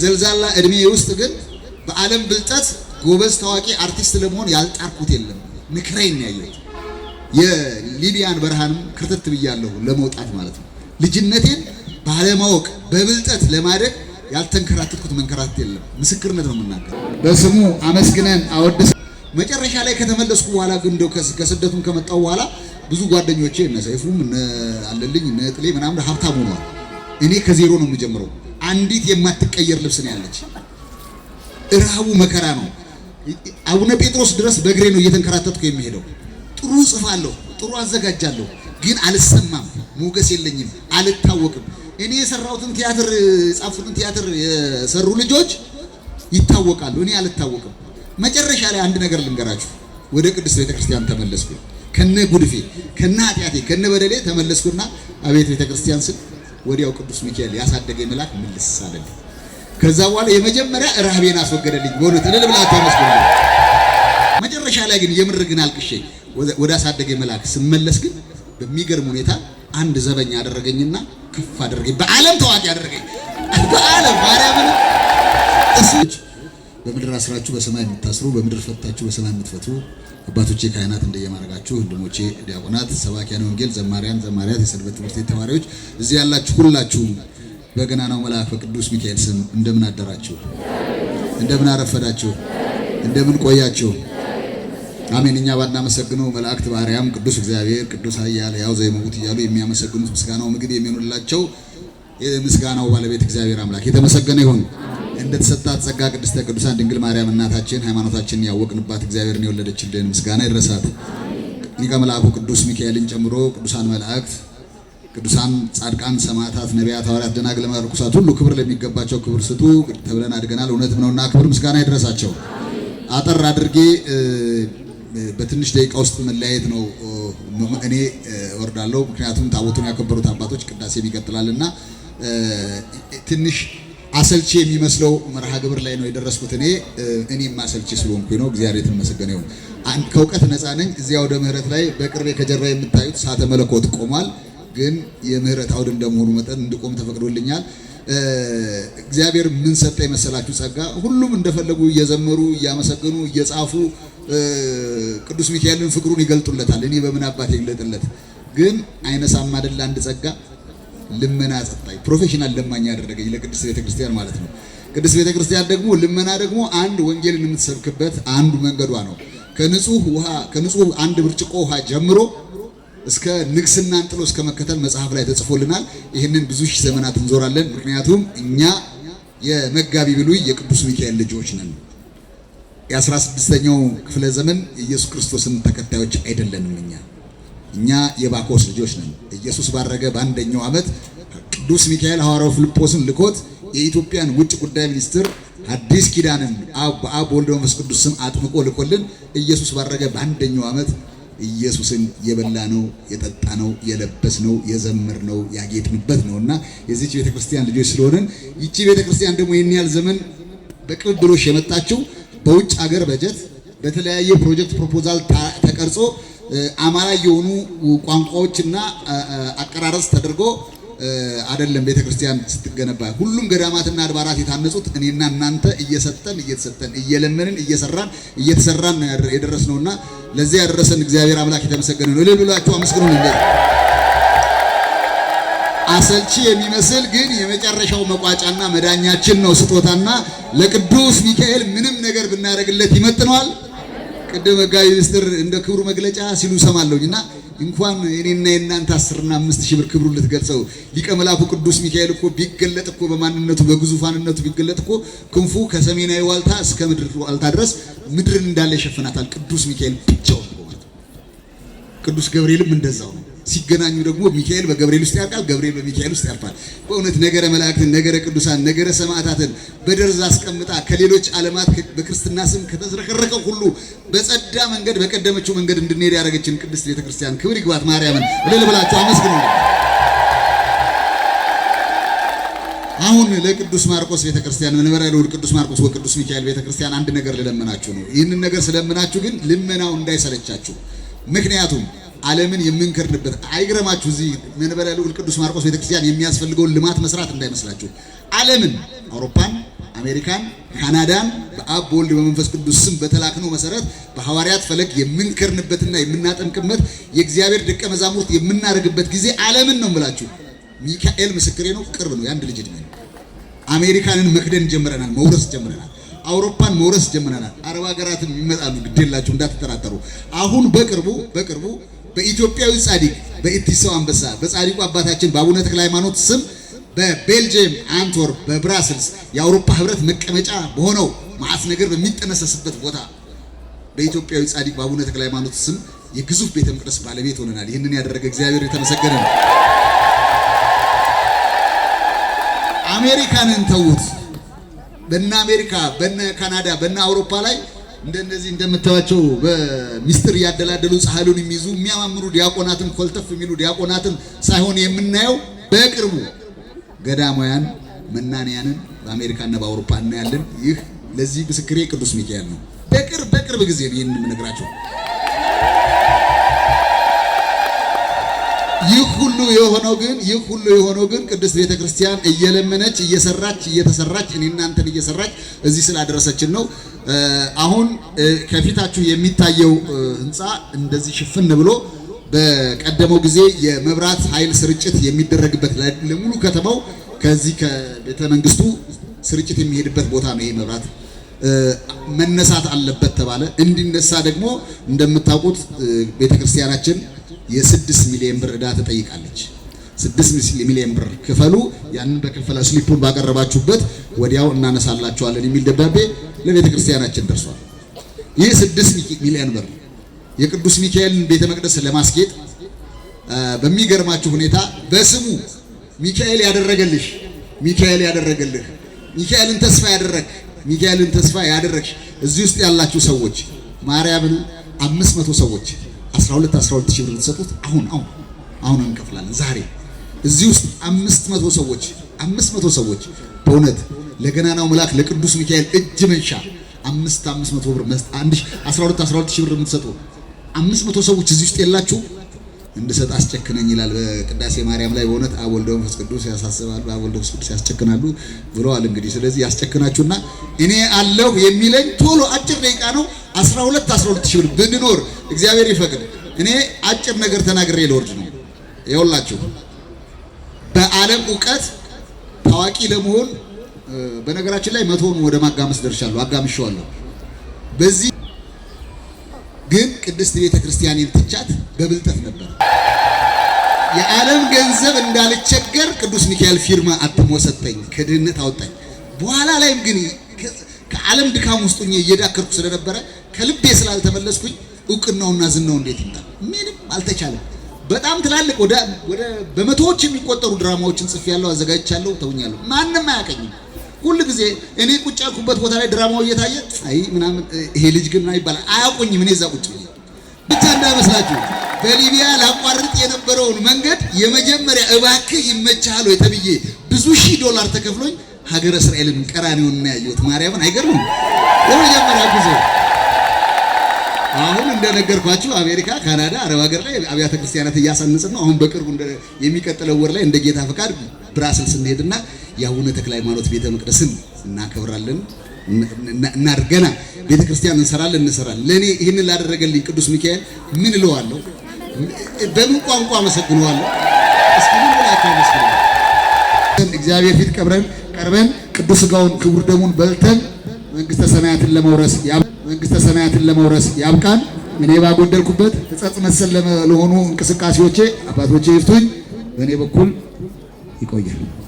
ዘልዛላ እድሜ ውስጥ ግን በዓለም ብልጠት ጎበዝ ታዋቂ አርቲስት ለመሆን ያልጣርኩት የለም። ምክራይ ነው ያየሁት። የሊቢያን በረሃንም ክርተት ብያለሁ ለመውጣት ማለት ነው። ልጅነቴን ባለማወቅ በብልጠት ለማደግ ያልተንከራተትኩት መንከራተት የለም። ምስክርነት ነው የምናገር። በስሙ አመስግነን አወድሰን መጨረሻ ላይ ከተመለስኩ በኋላ ግን እንደው ከስደቱም ከመጣው በኋላ ብዙ ጓደኞቼ እነ ሰይፉም እነ አለልኝ እነ ጥሌ ምናምን ሀብታም ሆኗል። እኔ ከዜሮ ነው የምጀምረው። አንዲት የማትቀየር ልብስ ነው ያለች። ረሃቡ መከራ ነው። አቡነ ጴጥሮስ ድረስ በእግሬ ነው እየተንከራተትኩ የሚሄደው። ጥሩ ጽፋለሁ፣ ጥሩ አዘጋጃለሁ፣ ግን አልሰማም። ሞገስ የለኝም፣ አልታወቅም። እኔ የሰራሁትን ቲያትር የጻፉትን ቲያትር የሰሩ ልጆች ይታወቃሉ፣ እኔ አልታወቅም። መጨረሻ ላይ አንድ ነገር ልንገራችሁ። ወደ ቅድስት ቤተክርስቲያን ተመለስኩ። ከነ ጉድፌ ከነ ኃጢአቴ ከነ በደሌ ተመለስኩና አቤት ቤተክርስቲያን ስል ወዲያው ቅዱስ ሚካኤል ያሳደገኝ መልአክ ምልስ አለልኝ። ከዛ በኋላ የመጀመሪያ ረሃቤን አስወገደልኝ። በእውነት እልል ብላ አመስግኑ። መጨረሻ ላይ ግን የምር ግን አልቅሼ ወደ አሳደገኝ መልአክ ስመለስ ግን በሚገርም ሁኔታ አንድ ዘበኛ አደረገኝና ከፍ አደረገኝ፣ በዓለም ታዋቂ አደረገኝ። በዓለም ማርያምን እሱ በምድር አስራችሁ በሰማይ የምታስሩ በምድር ፈታችሁ በሰማይ የምትፈቱ አባቶቼ ካህናት እንደየማረጋችሁ ወንድሞቼ ዲያቆናት፣ ሰባኪያን ወንጌል፣ ዘማሪያን፣ ዘማሪያት፣ የሰንበት ትምህርት ቤት ተማሪዎች እዚህ ያላችሁ ሁላችሁ በገናናው መልአክ በቅዱስ ሚካኤል ስም እንደምን አደራችሁ? እንደምን አረፈዳችሁ? እንደምን ቆያችሁ? አሜን። እኛ ባናመሰግነው መላእክት ባህርያም ቅዱስ እግዚአብሔር ቅዱስ ኃያል ያው ዘይመውት እያሉ የሚያመሰግኑት ምስጋናው ምግብ የሚሆኑላቸው የምስጋናው ባለቤት እግዚአብሔር አምላክ የተመሰገነ ይሁን። እንደተሰጣት ጸጋ ቅድስተ ቅዱሳን ድንግል ማርያም እናታችን ሃይማኖታችንን ያወቅንባት እግዚአብሔርን የወለደችልን ምስጋና ይድረሳት። ሊቀ መልአኩ ቅዱስ ሚካኤልን ጨምሮ ቅዱሳን መላእክት፣ ቅዱሳን ጻድቃን፣ ሰማዕታት፣ ነቢያት፣ ሐዋርያት፣ ደናግል፣ መነኮሳት ሁሉ ክብር ለሚገባቸው ክብር ስጡ ተብለን አድገናል። እውነትም ነውና ክብር ምስጋና ይድረሳቸው። አጠር አድርጌ በትንሽ ደቂቃ ውስጥ መለያየት ነው። እኔ እወርዳለሁ፣ ምክንያቱም ታቦቱን ያከበሩት አባቶች ቅዳሴ ይቀጥላልና ትንሽ አሰልቺ የሚመስለው መርሃ ግብር ላይ ነው የደረስኩት። እኔ እኔም አሰልቺ ስለሆንኩኝ ነው። እግዚአብሔር የተመሰገነ ይሁን። ከእውቀት ነፃ ነኝ። እዚያ አውደ ምህረት ላይ በቅርቤ ከጀራ የምታዩት ሳተ መለኮት ቆሟል። ግን የምህረት አውድ እንደመሆኑ መጠን እንድቆም ተፈቅዶልኛል። እግዚአብሔር ምን ሰጠ የመሰላችሁ ጸጋ። ሁሉም እንደፈለጉ እየዘመሩ እያመሰገኑ እየጻፉ ቅዱስ ሚካኤልን ፍቅሩን ይገልጡለታል። እኔ በምን አባት ይግለጥለት? ግን አይነሳም አይደል አንድ ጸጋ ልመና ጸጣይ ፕሮፌሽናል ለማኝ ያደረገኝ ለቅድስት ቤተክርስቲያን ማለት ነው። ቅድስት ቤተክርስቲያን ደግሞ ልመና ደግሞ አንድ ወንጌልን የምትሰብክበት አንዱ መንገዷ ነው። ከንጹህ ውሃ ከንጹህ አንድ ብርጭቆ ውሃ ጀምሮ እስከ ንግስናን ጥሎ እስከ መከተል መጽሐፍ ላይ ተጽፎልናል። ይህንን ብዙ ሺህ ዘመናት እንዞራለን። ምክንያቱም እኛ የመጋቢ ብሉይ የቅዱስ ሚካኤል ልጆች ነን። 16 ክፍለ ዘመን ኢየሱስ ክርስቶስን ተከታዮች አይደለንም እኛ እኛ የባኮስ ልጆች ነን። ኢየሱስ ባረገ በአንደኛው ዓመት ቅዱስ ሚካኤል ሐዋርያው ፊልጶስን ልኮት የኢትዮጵያን ውጭ ጉዳይ ሚኒስትር አዲስ ኪዳንን በአብ ወልድ መንፈስ ቅዱስ ስም አጥምቆ ልኮልን ኢየሱስ ባረገ በአንደኛው ዓመት ኢየሱስን የበላ ነው የጠጣ ነው የለበስ ነው የዘምር ነው ያጌጥንበት ነው እና የዚች ቤተክርስቲያን ልጆች ስለሆንን ይቺ ቤተክርስቲያን ደግሞ ይህን ያህል ዘመን በቅብብሎሽ የመጣችው በውጭ ሀገር በጀት በተለያየ ፕሮጀክት ፕሮፖዛል ተቀርጾ አማራ የሆኑ ቋንቋዎችና አቀራረጽ ተደርጎ አይደለም ቤተክርስቲያን ስትገነባ። ሁሉም ገዳማትና አድባራት የታነጹት እኔና እናንተ እየሰጠን እየተሰጠን እየለመንን እየሰራን እየተሰራን የደረስነውና ለዚያ ያደረሰን እግዚአብሔር አምላክ የተመሰገነ ነው። እልል ብላችሁ አመስግኑ። አሰልቺ የሚመስል ግን የመጨረሻው መቋጫና መዳኛችን ነው። ስጦታና ለቅዱስ ሚካኤል ምንም ነገር ብናደርግለት ይመጥነዋል። ቅድም ሕጋዊ ምስጢር እንደ ክብሩ መግለጫ ሲሉ ሰማለሁኝ እና እንኳን እኔና የእናንተ አስርና አምስት ሺህ ብር ክብሩ ልትገልጸው ሊቀ ቅዱስ ሚካኤል እኮ ቢገለጥ እኮ በማንነቱ በግዙፋንነቱ ቢገለጥ እኮ ክንፉ ከሰሜናዊ ዋልታ እስከ ምድር ዋልታ ድረስ ምድርን እንዳለ ይሸፍናታል። ቅዱስ ሚካኤል ብቻውን ቅዱስ ገብርኤልም እንደዛው ነው። ሲገናኙ ደግሞ ሚካኤል በገብርኤል ውስጥ ያልቃል፣ ገብርኤል በሚካኤል ውስጥ ያልፋል። በእውነት ነገረ መላእክትን፣ ነገረ ቅዱሳን፣ ነገረ ሰማዕታትን በደርዝ አስቀምጣ ከሌሎች ዓለማት በክርስትና ስም ከተዝረከረከው ሁሉ በጸዳ መንገድ በቀደመችው መንገድ እንድንሄድ ያደረገችን ቅድስት ቤተክርስቲያን ክብር ይግባት። ማርያምን እልል ብላችሁ አመስግኑ። አሁን ለቅዱስ ማርቆስ ቤተክርስቲያን መንበረ ልዑል ቅዱስ ማርቆስ ወቅዱስ ሚካኤል ቤተክርስቲያን አንድ ነገር ልለምናችሁ ነው። ይህንን ነገር ስለምናችሁ ግን ልመናው እንዳይሰለቻችሁ ምክንያቱም ዓለምን የምንከርንበት አይግረማችሁ። እዚህ መንበረ ልዑል ቅዱስ ማርቆስ ቤተክርስቲያን የሚያስፈልገውን ልማት መስራት እንዳይመስላችሁ። ዓለምን አውሮፓን፣ አሜሪካን፣ ካናዳን በአብ በወልድ በመንፈስ ቅዱስ ስም በተላክነው መሰረት በሐዋርያት ፈለግ የምንከርንበትና የምናጠምቅበት የእግዚአብሔር ደቀ መዛሙርት የምናደርግበት ጊዜ ዓለምን ነው ብላችሁ ሚካኤል ምስክሬ ነው። ቅርብ ነው፣ የአንድ ልጅ ዕድሜ ነው። አሜሪካንን መክደን ጀምረናል፣ መውረስ ጀምረናል። አውሮፓን መውረስ ጀምረናል። አረብ ሀገራትም ይመጣሉ፣ ግዴላችሁ እንዳትጠራጠሩ። አሁን በቅርቡ በቅርቡ በኢትዮጵያዊ ጻድቅ በኢትሰው አንበሳ በጻድቁ አባታችን በአቡነ ተክለ ሃይማኖት ስም በቤልጅየም አንትወርፕ በብራስልስ የአውሮፓ ህብረት መቀመጫ በሆነው መዓት ነገር በሚጠነሰስበት ቦታ በኢትዮጵያዊ ጻድቅ በአቡነ ተክለ ሃይማኖት ስም የግዙፍ ቤተ መቅደስ ባለቤት ሆነናል። ይህንን ያደረገ እግዚአብሔር የተመሰገነ ነው። አሜሪካንን ተዉት። በነ አሜሪካ፣ በነ ካናዳ፣ በነ አውሮፓ ላይ እንደነዚህ እንደምታዩቸው በሚስጥር ያደላደሉ ጻሕሉን የሚይዙ የሚያማምሩ ዲያቆናትን ኮልተፍ የሚሉ ዲያቆናትን ሳይሆን የምናየው በቅርቡ ገዳማውያን መናንያንን በአሜሪካና በአውሮፓ እናያለን። ይህ ለዚህ ምስክሬ ቅዱስ ሚካኤል ነው። በቅርብ በቅርብ ጊዜ ይህን የምነግራቸው ይህ ሁሉ የሆነው ግን ይህ ሁሉ የሆነው ግን ቅድስት ቤተ ክርስቲያን እየለመነች እየሰራች እየተሰራች እኔ እናንተን እየሰራች እዚህ ስላደረሰችን ነው። አሁን ከፊታችሁ የሚታየው ህንፃ እንደዚህ ሽፍን ብሎ በቀደመው ጊዜ የመብራት ኃይል ስርጭት የሚደረግበት ለሙሉ ከተማው ከዚህ ከቤተ መንግስቱ ስርጭት የሚሄድበት ቦታ ነው። ይሄ መብራት መነሳት አለበት ተባለ። እንዲነሳ ደግሞ እንደምታውቁት ቤተክርስቲያናችን የስድስት ሚሊዮን ብር እዳ ተጠይቃለች። ስድስት ሚሊዮን ብር ክፈሉ፣ ያንን በከፈላ ስሊፑን ባቀረባችሁበት ወዲያው እናነሳላችኋለን የሚል ደብዳቤ ለቤተ ክርስቲያናችን ደርሷል። ይህ ስድስት ሚሊዮን ብር የቅዱስ ሚካኤልን ቤተ መቅደስ ለማስጌጥ በሚገርማችሁ ሁኔታ በስሙ ሚካኤል ያደረገልሽ ሚካኤል ያደረገልህ ሚካኤልን ተስፋ ያደረግ ሚካኤልን ተስፋ ያደረግሽ እዚህ ውስጥ ያላችሁ ሰዎች ማርያምን አምስት መቶ ሰዎች 12 12 ሺህ ብር ብትሰጡት አሁን አሁን አሁን እንከፍላለን። ዛሬ እዚህ ውስጥ አምስት መቶ ሰዎች አምስት መቶ ሰዎች በእውነት ለገናናው መልአክ ለቅዱስ ሚካኤል እጅ መንሻ አምስት አምስት መቶ ብር አንድ አስራ ሁለት አስራ ሁለት ሺህ ብር የምትሰጡ አምስት መቶ ሰዎች እዚህ ውስጥ የላችሁ እንድሰጥ አስጨክነኝ ይላል በቅዳሴ ማርያም ላይ። በእውነት አብ ወልድ መንፈስ ቅዱስ ያሳስባሉ፣ አብ ወልድ መንፈስ ቅዱስ ያስጨክናሉ ብለዋል። እንግዲህ ስለዚህ ያስጨክናችሁና እኔ አለሁ የሚለኝ ቶሎ አጭር ደቂቃ ነው። 12 12 ሺህ ብር ብንኖር እግዚአብሔር ይፈቅድ። እኔ አጭር ነገር ተናግሬ ልወርድ ነው። ይኸውላችሁ በዓለም እውቀት ታዋቂ ለመሆን በነገራችን ላይ መቶውን ወደ ማጋመስ ደርሻለሁ፣ አጋምሸዋለሁ። በዚህ ግን ቅድስት ቤተ ክርስቲያኔን ትቻት በብልጠት ነበር የዓለም ገንዘብ እንዳልቸገር ቅዱስ ሚካኤል ፊርማ አትሞሰጠኝ ከድህነት አወጣኝ። በኋላ ላይም ግን ከዓለም ድካም ውስጥ ሆኜ እየዳከርኩ ስለነበረ ከልቤ ስላልተመለስኩኝ እውቅናውና ዝናው እንዴት ይምጣ? ምንም አልተቻለም። በጣም ትላልቅ ወደ በመቶዎች የሚቆጠሩ ድራማዎችን ጽፌያለሁ፣ አዘጋጅቻለሁ፣ ተውኛለሁ። ማንም አያቀኝም። ሁሉ ጊዜ እኔ ቁጭ ያልኩበት ቦታ ላይ ድራማው እየታየ አይ ምናምን ይሄ ልጅ ግን ምናምን ይባላል። አያውቁኝም። እኔ እዛ ቁጭ ብቻ እንዳመስላችሁ በሊቢያ ላቋርጥ የነበረውን መንገድ የመጀመሪያ እባክህ ይመቻሉ የተብዬ ብዙ ሺህ ዶላር ተከፍሎኝ ሀገረ እስራኤልን ቀራኔውን ነው ያየሁት። ማርያምን አይገርምም? የመጀመሪያ ጊዜ አሁን እንደነገርኳችሁ አሜሪካ፣ ካናዳ፣ አረብ ሀገር ላይ አብያተ ክርስቲያናት እያሳነጽን ነው። አሁን በቅርቡ የሚቀጥለው ወር ላይ እንደ ጌታ ፈቃድ ብራስል ስንሄድና የአቡነ ተክለ ሃይማኖት ቤተ መቅደስን እናከብራለን እናድርገና ቤተ ክርስቲያን እንሰራለን እንሰራለን። ለእኔ ይህንን ላደረገልኝ ቅዱስ ሚካኤል ምን እለዋለሁ? በምን ቋንቋ አመሰግነዋለሁ? እስኪ ምን ብላችሁ አመስግነዋለሁ? እግዚአብሔር ፊት ቀብረን ቀርበን ቅዱስ ሥጋውን ክቡር ደሙን በልተን መንግስተ ሰማያትን ለመውረስ መንግስተ ሰማያትን ለመውረስ ያብቃን። እኔ ባጎደልኩበት ሕጸጽ መሰል ለሆኑ እንቅስቃሴዎቼ አባቶቼ ይፍቱኝ። በእኔ በኩል ይቆያል።